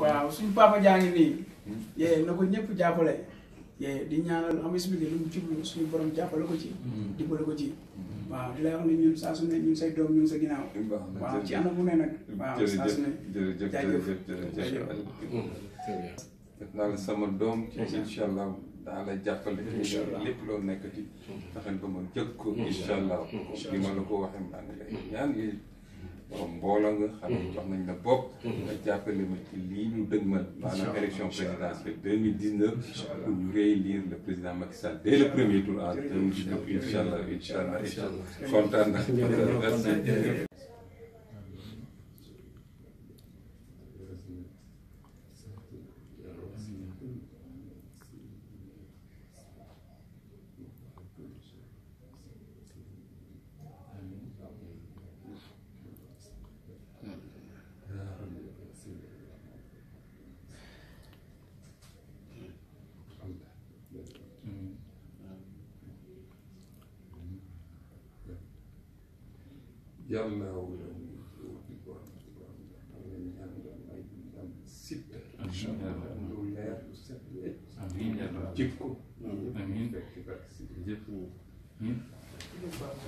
waaw suñu papa jaa ngi nii. na ko ñëpp jàppale. di ñaanal am expliqué lu mu jublu suñu borom jàppale ko ci. Mm-hmm. dimbale ko ci. Mm-hmm. waaw di lay wax ne ñun saa su ne ñun say doom ñun sa ginnaaw. naa la sama doom. ci incha allah daa la jàppale. incha allah lépp loo nekkati. taxal mm-hmm. ba ma jëkk ko. incha allah li ma la ko waxee maa lay ñaan borom mbooloo nga xam mhm. ne jox nañ la bopp mhm. nga jàppale ma ci lii ñu dëgmal ma élection présidentielle deux mille dix neuf pour ñu le président Macky Sall dès le premier tour en deux mille dix neuf incha allah incha allah incha allah yàlla sippel lu leer lu set wecc jëf ko amiin fekk